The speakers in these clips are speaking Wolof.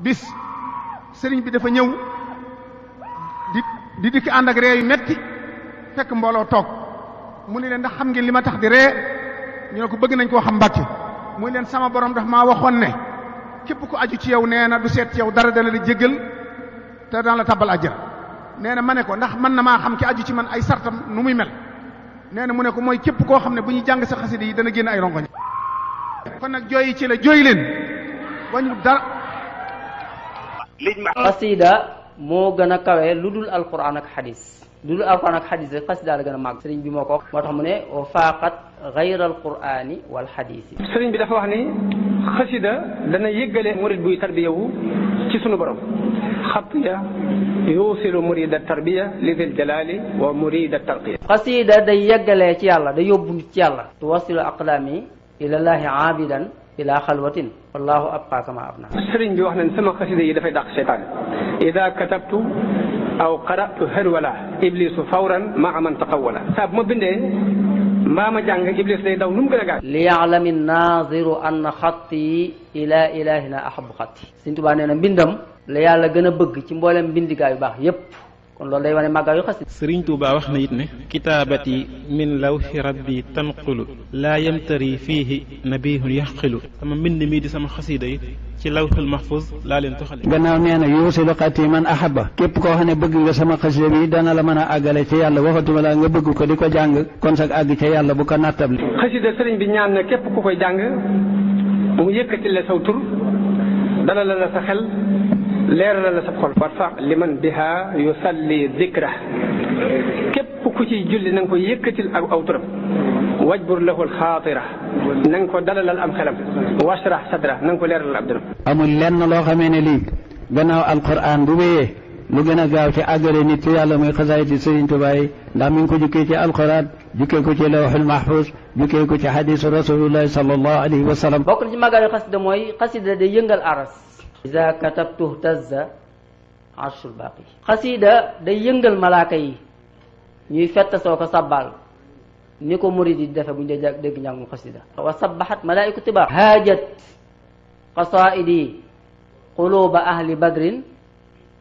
bis sëriñ bi dafa ñëw di di dikk ànd ak ree yu metti fekk mbooloo toog mu ni leen ndax xam ngeen li ma tax di ree ñu ne ko bëgg nañ koo xam mbàkke muy leen sama borom ndax maa waxoon ne képp ku aju ci yow nee na du seet ci dara dana la jéggal te daan la tabbal àjjana nee ma ne ko ndax mën na maa xam ki aju ci man ay sartam nu muy mel nee na mu ne ko mooy képp koo xam ne bu ñuy jàng sa xasida yi dana génn ay rongoñ kon nag jooyi ci la jooy leen wañu liñ ma xasida moo gën a kawe lu dul alquran ak xadis lu dul alquran ak xadis rek xasida la gën a màgg sëriñ bi moo ko wax moo tax mu ne wa faaqat gayra alqurani wal xadisi sëriñ bi dafa wax ni xasida dana yëggale murit buy tarbiyawu ci sunu borom xatiya yuusilu murida tarbiya li dil jalali wa murida tarqiya xasida day yëggalee ci yàlla day yóbbu nit ci yàlla tuwasilu aqlaami ilallaahi aabidan ila xalwatin wallahu abqa kama abna sëriñ bi wax nañ sama xasida yi dafay dàq seytaan ida katabtu aw qara'tu harwala iblisu fawran maa man taqawwala saa bu ma bindee mbaa ma jàng iblis day daw nu mu gën a gaaw li yaalami naaziru anna xatti ila ilahina ahabu xatti Sëriñ Tuubaa nee na mbindam la yàlla gën a bëgg ci mbooleem mbindigaa yu baax yépp kon loolu day wane yu xasida sëriñ Tuuba wax na it ne kitaabati min lawxi rabbi tanqulu laa yamtari fiihi nabihun yaxqilu sama mbind mii di sama xasida yi ci lawxul mahfuz laa leen toxale gannaaw nee na yuusilu man ahaba képp koo xam ne bëgg nga sama xasida bi dana la mën a àggale ci yàlla waxatuma la nga bëgg ko di ko jàng kon sax àgg ca yàlla bu ko nattab xasida sëriñ bi ñaan na képp ku koy jàng mu yëkkati saw tur dana la la sa xel leer na la sa xol warfa liman biha yusalli dhikra képp ku ci julli na nga ko yëkkatil ak aw turam wajbur lahu alxaatira na nga ko dalalal am xelam washrah sadra na nga ko leeralal ab dëram amul lenn loo xamee ne lii gannaaw alquran bu wéyee lu gën a gaaw ci àggale nit ci yàlla muy xasaay ci sëriñ Tuubaa yi ndax mi ngi ko jukkee ci alquran jukkee ko ci lawxul mahfuz jukkee ko ci xadisu rasulillahi sallallahu alayhi wa sallam bokk na ci màggal xasida mooy xasida day yëngal aras إذا كتبت اهتز عشر باقي xasida day yëngal malaaka yi ñuy fett soo ko sabbal ni ko murid yi defe bu ñu dee dégg njàngum xasida wa sabbaxat malaaiku tibar haajat qasaidi quluba ahli badrin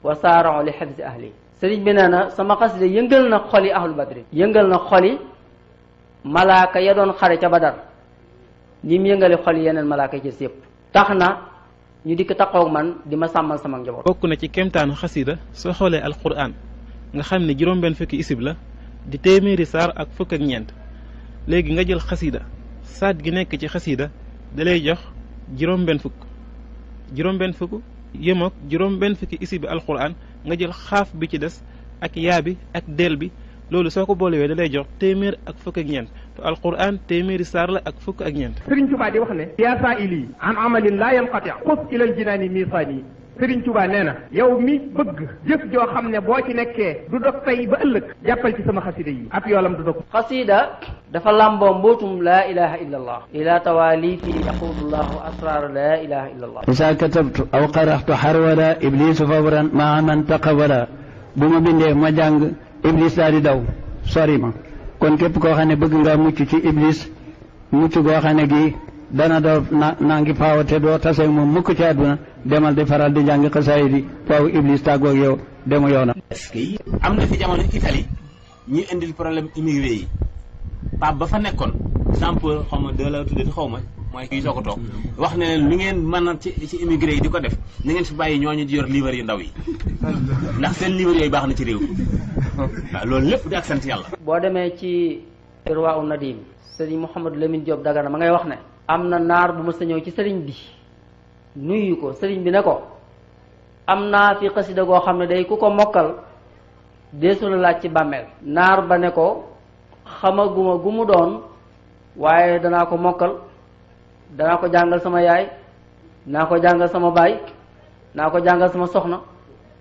wa saarau li xifzi ahli sëriñ bi nee na sama xasida yëngal na xoli ahlu badrin yëngal na xoli malaaka ya doon xare ca badar ni mu yëngale xoli yeneen malaaka yi ci yëpp tax na ñu di ko taqoog man di ma sàmmal sama njaboot. bokk na ci kemtaanu xasida soo xoolee alquran nga xam ne juróom fukki isib la di téeméeri saar ak fukk ak ñeent léegi nga jël xasida saat gi nekk ci xasida da lay jox juróom-benn fukk juróom-benn fukk yémoog juróom-benn nga jël xaaf bi ci des ak yaa bi ak del bi loolu soo ko boolewee da lay jox téeméer ak fukk ak ñeent te alquran téeméeri saar la ak fukk ak ñeent Serigne Touba di wax ne yaa saa ili an amalin laa yanqati xus ilal jinaani miisaani Serigne Touba nee na yow mi bëgg jëf joo xam ne boo ci nekkee du dog tey ba ëllëg jàppal ci sama xasida yi ab yoolam du dog xasida dafa làmboo mbootum laa ilaha illa allah ila tawalifi yaqulu llahu asrar laa ilaha illa allah isa katabtu aw qaraxtu xarwala iblisu fawran maa man taqawala bu ma bindee ma jàng iblis daal daw sori ma kon képp koo xam ne bëgg nga mucc ci iblis mucc goo xam ne gi dana doo na naa ngi faaw te doo tase moom mukk ci àdduna demal di faral di jàng xasaay di faaw iblis tàggoog yow demu yoona am na fi jamono Italie ñi indil problème immigré yi Pape ba fa nekkoon exemple xaw ma de tuddati xaw mooy kii soog a toog wax ne li ngeen mën a ci ci immigré yi di ko def ni ngeen fi bàyyi ñooñu di yor livre yu ndaw yi ndax seen livre yooyu baax na ci réew waaw loolu lépp di ak sant yàlla boo demee ci Irwaa u Nadim sëriñ Mouhamadou Lamine Diop Dagana ma ngay wax ne am na naar bu ma a ñëw ci sëriñ bi nuyu ko sëriñ bi ne ko am naa fi xasida goo xam ne day ku ko mokkal deesu la laaj ci bàmmeel naar ba ne ko xamaguma gu mu doon waaye danaa ko mokkal danaa ko jàngal sama yaay naa ko jàngal sama baay naa ko jàngal sama soxna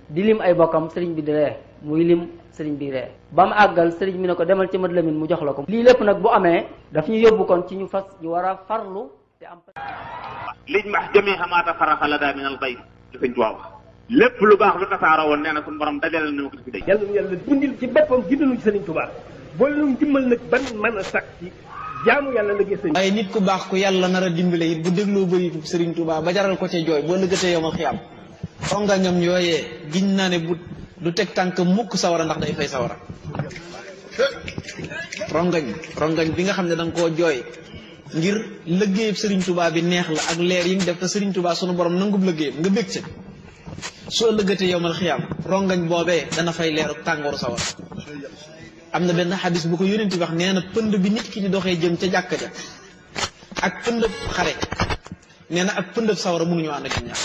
di lim ay bokkam sëriñ bi di ree muy lim sëriñ bi ree ba mu àggal sëriñ bi ne ko demal ci mët lamin mu jox la ko lii lépp nag bu amee daf ñu yóbbu kon ci ñu fas ñu war a farlu te am lépp lu baax lu tasaaroo woon nee na suñu borom dajale na ma ko ci fi day yàlla yàlla dundil ci boppam gindalu ci sëriñ Tuubaa boole nu dimbal nag ban mën a sàkk ci jaamu yàlla la gis. waaye nit ku baax ku yàlla nar dimbale it dégloo bëritu Serigne Touba ba jaral ko ca jooy boo lëggatee yomal xiyam onga ñam yooyee naa ne bu du teg tànk mukk sawara ndax day fay sawara rongañ rongañ bi nga xam ne da nga jooy ngir lëggéeyub Serigne Touba bi neex la ak leer yi def te Serigne Touba sunu borom nangub lëggéeyam nga bég ca soo lëggatee yomal xiyam rongañ boobee dana fay leeru tàngooru sawara am na benn xadis bu ko yónent bi wax nee na pënd bi nit ki di doxee jëm ca jàkka ja ak pëndëb xare neena na ak pëndëb sawara mënuñu ànd ak ñaar